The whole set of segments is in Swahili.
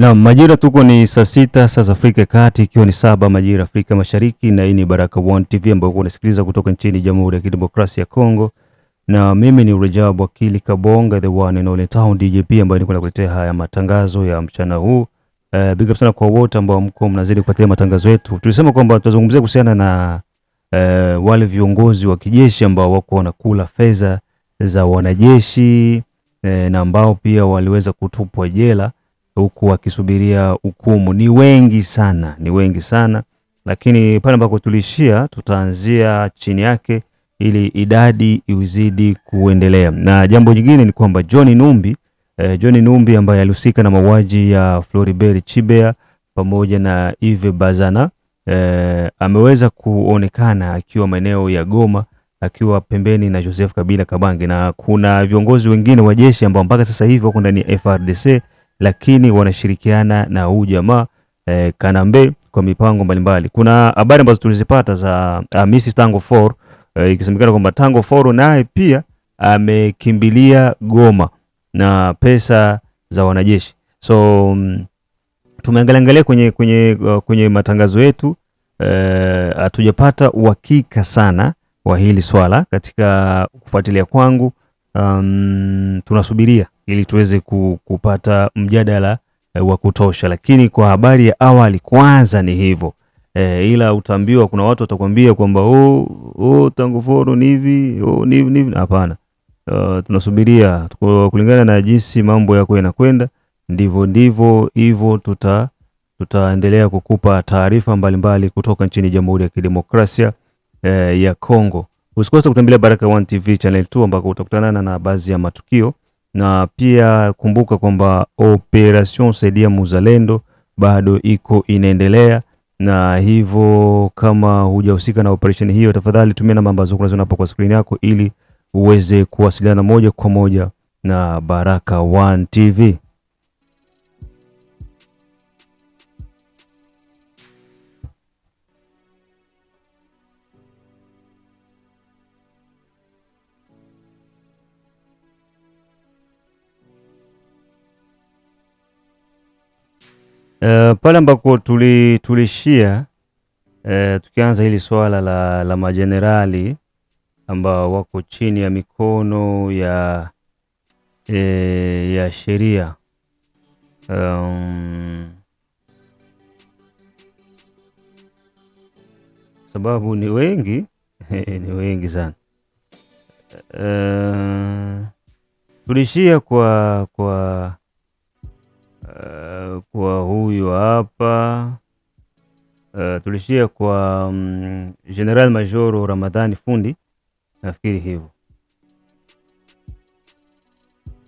Na majira tuko ni saa sita saa za Afrika Kati, ikiwa ni saba majira Afrika Mashariki, na hii ni Baraka One TV ambayo unasikiliza kutoka nchini Jamhuri ya Kidemokrasia ya Kongo, na mimi ni Rajab Wakili Kabonga, the one and only town DJP, ambaye niko nakuletea haya matangazo ya mchana huu. Uh, big up sana kwa wote ambao mko mnazidi kufuatilia matangazo yetu. Tulisema kwamba tutazungumzia kuhusiana na uh, wale viongozi wa kijeshi ambao wako wanakula fedha za wanajeshi uh, na ambao pia waliweza kutupwa jela huku wakisubiria hukumu. Ni wengi sana, ni wengi sana, lakini pale ambapo tulishia tutaanzia chini yake ili idadi iuzidi kuendelea. Na jambo jingine ni kwamba John Numbi eh, John Numbi ambaye alihusika na mauaji ya Floribert Chebeya pamoja na Yves Bazana eh, ameweza kuonekana akiwa maeneo ya Goma akiwa pembeni na Joseph Kabila Kabange na kuna viongozi wengine wa jeshi ambao mpaka sasa hivi wako ndani ya frdc lakini wanashirikiana na huu jamaa e, Kanambe kwa mipango mbalimbali. Kuna habari ambazo tulizipata za ah, Mrs. Tango 4 e, eh, ikisemekana kwamba Tango 4 naye pia amekimbilia Goma na pesa za wanajeshi. So mm, tumeangaliangalia kwenye, kwenye, uh, kwenye matangazo yetu eh, hatujapata uh, uhakika sana wa hili swala katika kufuatilia kwangu. Um, tunasubiria ili tuweze kupata mjadala e, wa kutosha, lakini kwa habari ya awali kwanza ni hivyo e, ila utaambiwa kuna watu watakwambia kwamba oh, oh, tangu foro ni hivi oh, ni hivi. Hapana, uh, tunasubiria kulingana na jinsi mambo yako yanakwenda, ndivyo ndivyo hivyo tuta tutaendelea kukupa taarifa mbalimbali kutoka nchini Jamhuri ya Kidemokrasia eh, ya Kongo. Usikose kutembelea Baraka1 TV channel 2 ambako utakutana na baadhi ya matukio na pia kumbuka kwamba operation saidia muzalendo bado iko inaendelea, na hivyo kama hujahusika na operation hiyo, tafadhali tumia namba ambazo unaziona hapo kwa screen yako ili uweze kuwasiliana moja kwa moja na Baraka One TV. Eh, pale ambako tulishia tuli eh, tukianza hili swala la, la majenerali ambao wako chini ya mikono ya, eh, ya sheria um, sababu ni wengi ni wengi sana uh, tulishia kwa kwa Eh, kwa huyu hapa uh, tulishia kwa um, General major Ramadhani Fundi, nafikiri hivyo.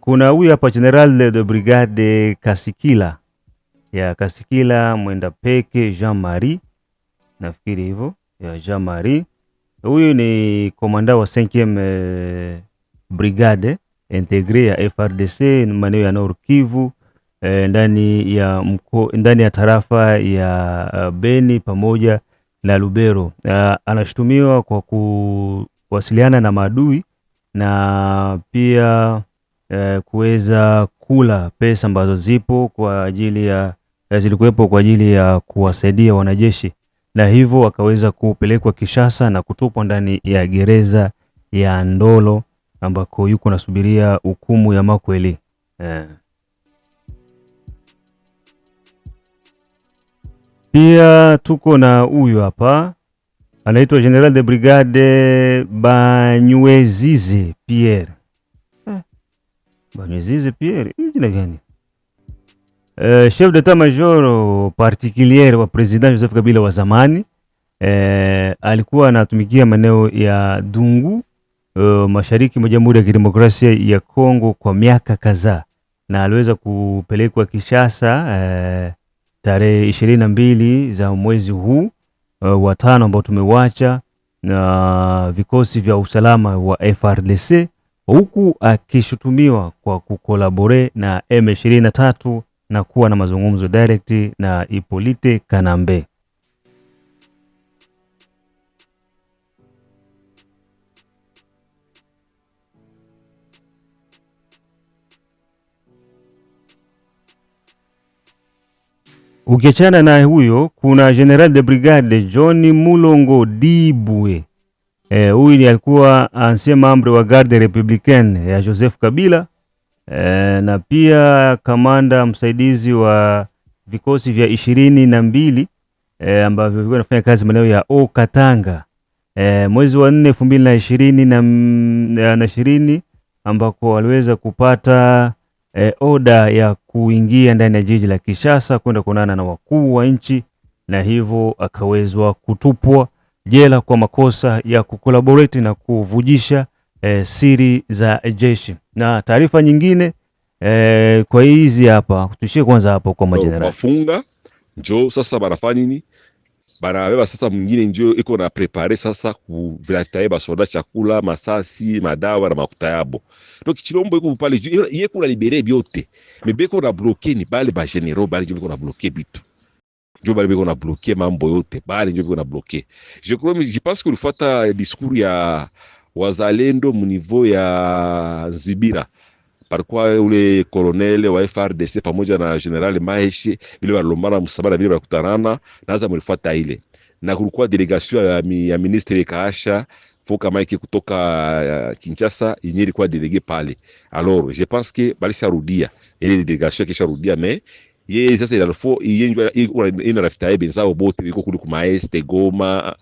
Kuna huyu hapa General de Brigade Kasikila ya Kasikila mwenda peke Jean Marie, nafikiri hivyo ya Jean Marie. Huyu ni komanda wa 5e eh, brigade integre ya FRDC maeneo ya Nord Kivu e, ndani ya mko, ndani ya tarafa ya eh, Beni pamoja na Lubero. A, eh, anashutumiwa kwa kuwasiliana na maadui na pia e, kuweza kula pesa ambazo zipo kwa ajili ya zilikuwepo kwa ajili ya kuwasaidia wanajeshi na hivyo akaweza kupelekwa Kishasa na kutupwa ndani ya gereza ya Ndolo ambako yuko nasubiria hukumu ya makweli eh. Pia tuko na huyu hapa anaitwa General de Brigade Banywezize Pierre eh. Hmm. Banywezize Pierre jina gani? Uh, chef d'etat major particulier wa President Joseph Kabila wa zamani uh, alikuwa anatumikia maeneo ya Dungu uh, mashariki mwa Jamhuri ya Kidemokrasia ya Kongo kwa miaka kadhaa na aliweza kupelekwa Kishasa uh, tarehe ishirini na mbili za mwezi huu uh, wa tano ambao tumewacha na uh, vikosi vya usalama wa frdc huku akishutumiwa kwa kukolabore na M23 na kuwa na mazungumzo direct na Ipolite Kanambe. Ukiachana na huyo kuna General de Brigade John Mulongo Dibwe. Eh, huyu ni alikuwa ancien membre wa garde republicaine ya Joseph Kabila e, na pia kamanda msaidizi wa vikosi vya ishirini na mbili e, ambavyo vilikuwa vinafanya kazi maeneo ya okatanga e, mwezi wa nne elfu mbili na ishirini na ishirini ambako waliweza kupata e, eh, oda ya kuingia ndani ya jiji la Kinshasa kwenda kuonana na wakuu wa nchi na hivyo akawezwa kutupwa jela kwa makosa ya kukolaborate na kuvujisha e, siri za jeshi. Na taarifa nyingine e, kwa hizi hapa tuishie kwanza hapo kwa majenerali wafunga, njoo sasa wanafanya nini? banabeba sasa, mwingine njo iko na prepare sasa kuvilatitaye basoda chakula, masasi, madawa na makuta yabo. Donc Chilombo iko pale juu yeye kuna libere biote mebeko na bloke ni bale ba genero bale njo na bloke bitu njo bale biko na bloke mambo yote bale njo biko na bloke. Je crois je pense que le fata discours ya wazalendo mu niveau ya Zibira palikuwa ule kolonele wa FRDC pamoja na generali Maheshi, vile walilombana msabara, vile walikutanana naza mlifuata ile, na kulikuwa delegation ya, mi, ya ministri Kaasha Foka maiki kutoka uh, Kinshasa yenye ilikuwa delege pale. Alors je pense que balisha rudia ile delegation kisha rudia me ye sasa ile alfo yenjwa ina rafita yebe eh, nzao bote biko kuli ku maeste Goma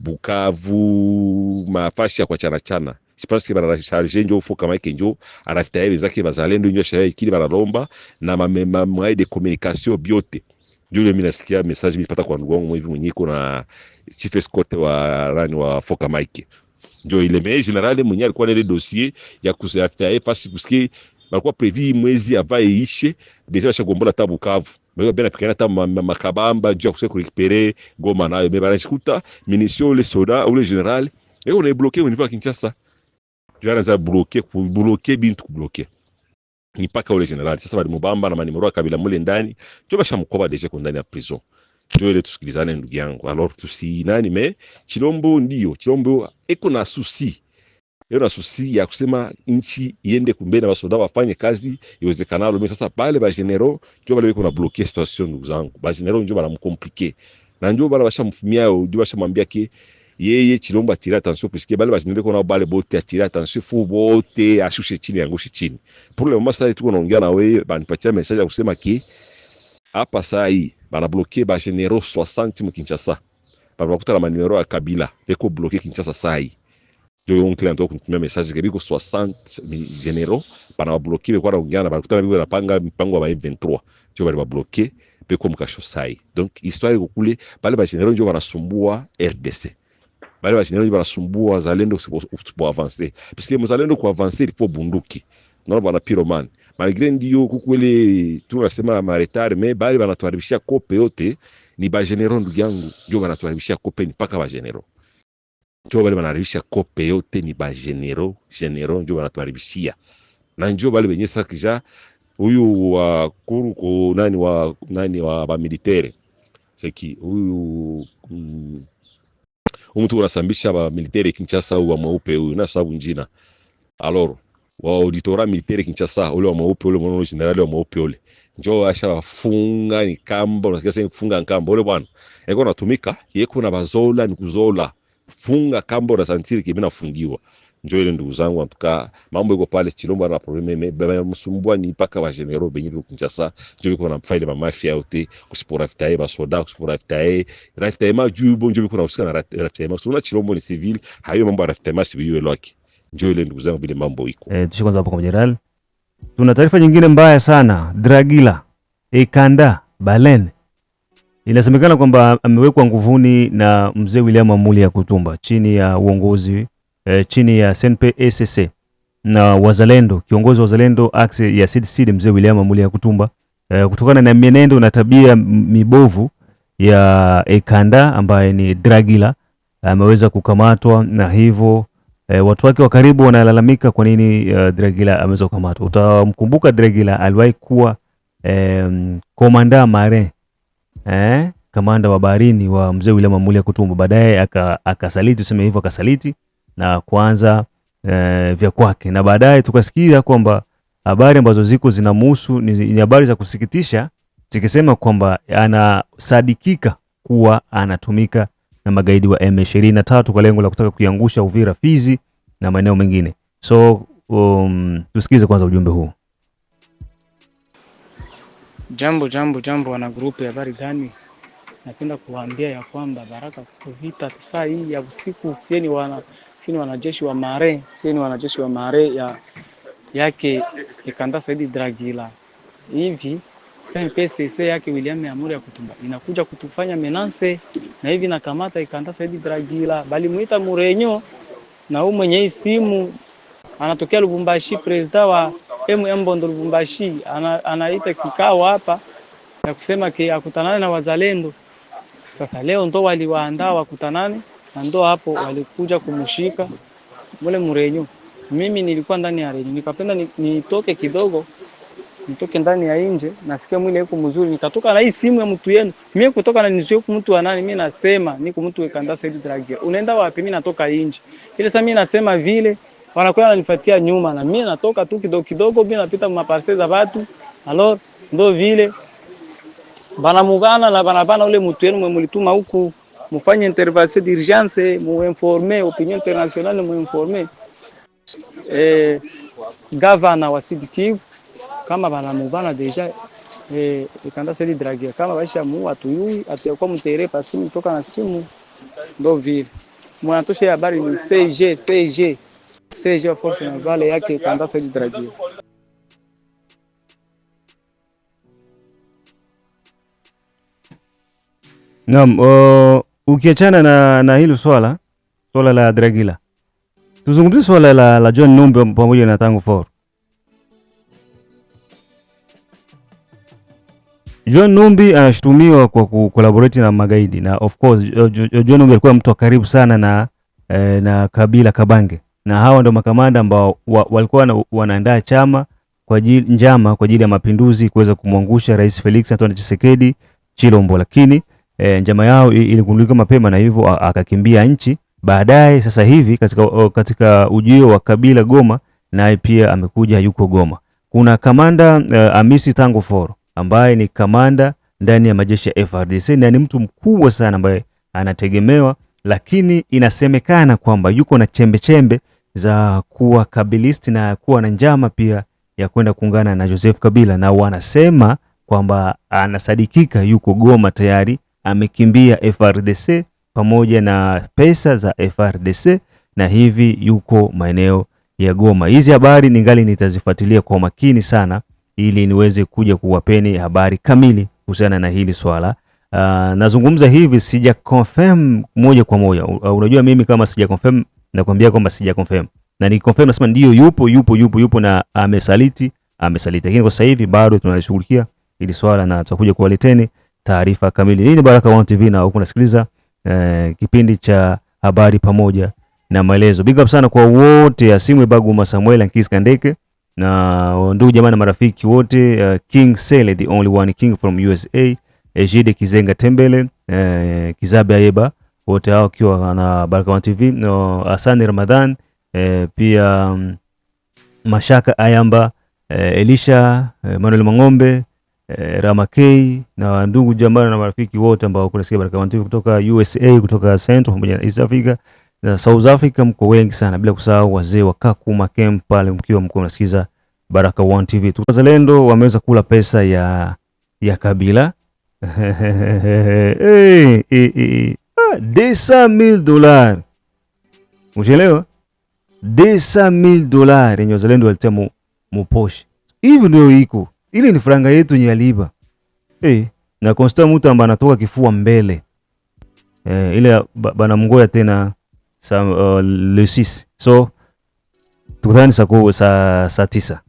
Bukavu mafasha kwa chana chana sipasi sipasike barasharge njo ufuka maike njo anafitaye bizake bazalendo njo shaye kili baralomba na ma mamai de communication byote njo mimi nasikia message nilipata kwa ndugu wangu hivi mwenyewe kuna chief escort wa rani wa foka maike njo ile me general mwenyewe alikuwa na ile dossier ya kusafita kusafitaye fasi kusikie balikuwa previ mwezi ava iishe deja bashagombola ta Bukavu benapikana ta makabamba juu ya kusia kurekipere Goma nayo me banashikuta minisio ule soda ule general eko eh, naibloke au niveau ya Kinshasa jana za bloke kubloke bintu kubloke mpaka ule general sasa bali mubamba na kabila mule ndani deje ndani ya prison ile tusikilizane ndugu yangu alors tusi nani me Chilombo ndio Chilombo na susi na susi ya kusema nchi iende kumbe na basoda wafanye kazi iwezekanalo mimi sasa pale ba general bali kuna bloke situation ndugu zangu ba general bala na bala yeye Chilombo atiria attention puisque bale bazindwe kona bale bote atiria attention fu bote ashushe chini yangushe chini. Pour le moment sasa tuko naongea na wewe, banipatia message ya kusema ki hapa saa hii bana bloquer ba généraux 60 mu Kinshasa. Banakuta na manero ya Kabila beko bloquer Kinshasa saa hii. Ndio oncle anatoka kunitumia message kabiko 60 généraux bana bloquer kwa naongea na banakuta na biko mpango wa 23 Ndio bali ba bloquer beko mkashosai. Donc histoire kukule bale ba généraux ndio wanasumbua RDC bale bashindani banasumbua wazalendo usipoavanse pisike mzalendo kuavanse ilikuwa bunduki naona bwana piroman malgre ndio kuku ile tu nasema maretare me bale banatuharibishia kope yote ni bagenero ndugu yangu ndio banatuharibishia kope ni paka bagenero ndio bale banaharibisha kope yote ni bagenero genero ndio banatuharibishia na ndio bale benye sakija huyu wa kuru ko nani wa nani wa ba militaire seki huyu mm, umutu unasambisha ba militaire Kinshasa au wa mweupe huyu na sababu njina aloro wa auditora militaire Kinshasa ule wa mweupe ule mwana general wa mweupe ule njoo asha wafunga ni kamba, unasikia sasa funga kamba ule bwana yako natumika yeko na bazola ni kuzola funga kamba na santiri kimina fungiwa njo ile ndugu zangu antuka mambo iko pale Chilombo na probleme msumbua ni mpaka wa general benye bikunja sa njo biko na faile ma mafia yote kusipora vitae ba soda kusipora vitae rafitae ma juu bonjo biko na usika na rafitae ma suna Chilombo ni civil hayo mambo ya rafitae ma sibiyo lwaki, njo ile ndugu zangu vile mambo iko eh. Tushi kwanza hapo kwa general, tuna taarifa nyingine mbaya sana. Dragila Ekanda Balen inasemekana kwamba amewekwa nguvuni na mzee William Amuli ya Kutumba chini ya uongozi eh, chini ya SNPSC na wazalendo, kiongozi wa wazalendo axe ya CDC mzee William Amuli ya Kutumba eh, kutokana na mienendo na tabia mibovu ya Ekanda ambaye ni Dragila ameweza kukamatwa na hivyo e, watu wake wa karibu wanalalamika kwa nini uh, Dragila ameweza kukamatwa. Utamkumbuka Dragila aliwahi kuwa e, komanda mare eh, kamanda wa baharini wa mzee William Amuli ya Kutumba, baadaye akasaliti, aka tuseme hivyo, akasaliti na kuanza e, vya kwake, na baadaye tukasikia kwamba habari ambazo ziko zinamuhusu ni habari za kusikitisha zikisema kwamba anasadikika kuwa anatumika na magaidi wa M23 kwa lengo la kutaka kuiangusha Uvira, Fizi na maeneo mengine. So um, tusikize kwanza ujumbe huu. Jambo, jambo, jambo wana grupu, habari gani? Napenda kuwaambia ya kwamba Baraka kuvita saa hii ya usiku, sieni wana si ni wanajeshi wa mare, si ni wanajeshi wa mare ya yake Ikanda Saidi Dragila hivi SNPCC yake William Amuri ya kutumba inakuja kutufanya menanse na hivi nakamata Ikanda Saidi Dragila bali muita Murenyo na huyu mwenye simu anatokea Lubumbashi, president wa MM Bondo Lubumbashi ana, anaita kikao hapa na kusema ki akutanane na wazalendo. Sasa leo ndo waliwaandaa wakutanane na ndo hapo walikuja kumshika mule mrenyu. Mimi nilikuwa ndani ya renyu, nikapenda nitoke ni kidogo, nitoke ndani ya nje, nasikia mwili yako mzuri, nikatoka na hii simu ya mtu yenu. Mimi kutoka na nizuie kwa mtu wa nani? Mimi nasema niko mtu wa Kandasa hivi Dragia, unaenda wapi? Mimi natoka nje ile. Sasa mimi nasema vile wanakuwa wananifuatia nyuma, na mimi natoka tu kidogo kidogo, mimi napita maparcel za watu alo, ndo vile banamugana na banabana ule mtu yenu mlituma huku mufanye intervention d'urgence, muinforme opinion internationale, muinforme eh, gavana wa Sud Kivu kama banamubana deja eh, ikanda sedi dragia kama baisha mu atuyui atakuwa mtere pasi mtoka na simu ndo vile mwanatosha habari ni CG CG CG wa force navale yake ikanda sedi dragia Naam, uh, Ukiachana na, na hilo swala swala la Dragila, tuzungumzie swala la, la John Numbe pamoja na Tangu Four. John Numbi anashutumiwa kwa kukolaborate na magaidi na of course John Numbi alikuwa mtu wa karibu sana na, eh, na Kabila Kabange na hawa ndio makamanda ambao walikuwa wa, walikuwa wanaandaa chama kwa ajili njama kwa ajili ya mapinduzi kuweza kumwangusha Rais Felix Antoine Tshisekedi Chilombo, lakini e, njama yao iligundulika mapema na hivyo akakimbia nchi. Baadaye sasa hivi katika, o, katika ujio wa Kabila Goma naye pia amekuja yuko Goma. Kuna kamanda e, Amisi Tango Foro ambaye ni kamanda ndani ya majeshi ya FRDC na ni mtu mkubwa sana ambaye anategemewa, lakini inasemekana kwamba yuko na chembe chembe za kuwa kabilisti na kuwa na njama pia ya kwenda kuungana na Joseph Kabila, na wanasema kwamba anasadikika yuko Goma tayari amekimbia FRDC pamoja na pesa za FRDC na hivi yuko maeneo ya Goma. Hizi habari ningali nitazifuatilia kwa makini sana ili niweze kuja kuwapeni habari kamili kuhusiana na hili swala. Uh, nazungumza hivi sija confirm moja kwa moja. Uh, unajua mimi kama sija confirm nakwambia kwamba sija confirm. Na ni confirm nasema ndio yupo yupo yupo yupo na amesaliti amesaliti, lakini kwa sasa hivi bado tunalishughulikia hili swala na tutakuja kuwaleteni taarifa kamili. Hii ni Baraka One TV na uko unasikiliza eh, kipindi cha habari pamoja na maelezo. Big up sana kwa wote, Asimwe Baguma, Samuel Ankis Kandeke na ndugu jamaa na marafiki wote uh, King Sele the only one king from USA, Ejide Kizenga Tembele, eh, Kizabe Ayeba, wote hao wakiwa na Baraka One TV no, Asani Ramadhan eh, pia um, Mashaka Ayamba eh, Elisha eh, Manuel Mang'ombe Eh, Rama K na ndugu jamaa na marafiki wote ambao kunasikia Baraka One TV kutoka USA, kutoka Central pamoja na East Africa na South Africa, mko wengi sana, bila kusahau wazee wa Kakuma camp pale, mkiwa mko mnasikiza Baraka One TV. Tukazalendo wameweza kula pesa ya ya Kabila hey, hey, hey. Ah, mil dolar dollars desa mil dolar yenye wazalendo walitia muposhi. Hivi ndio iko ili ni franga yetu yenye aliba. Eh, na konsta mtu ambaye anatoka kifua mbele. Eh, ile bana mngoya tena sa, uh, le 6. So tukutane sa, saa tisa.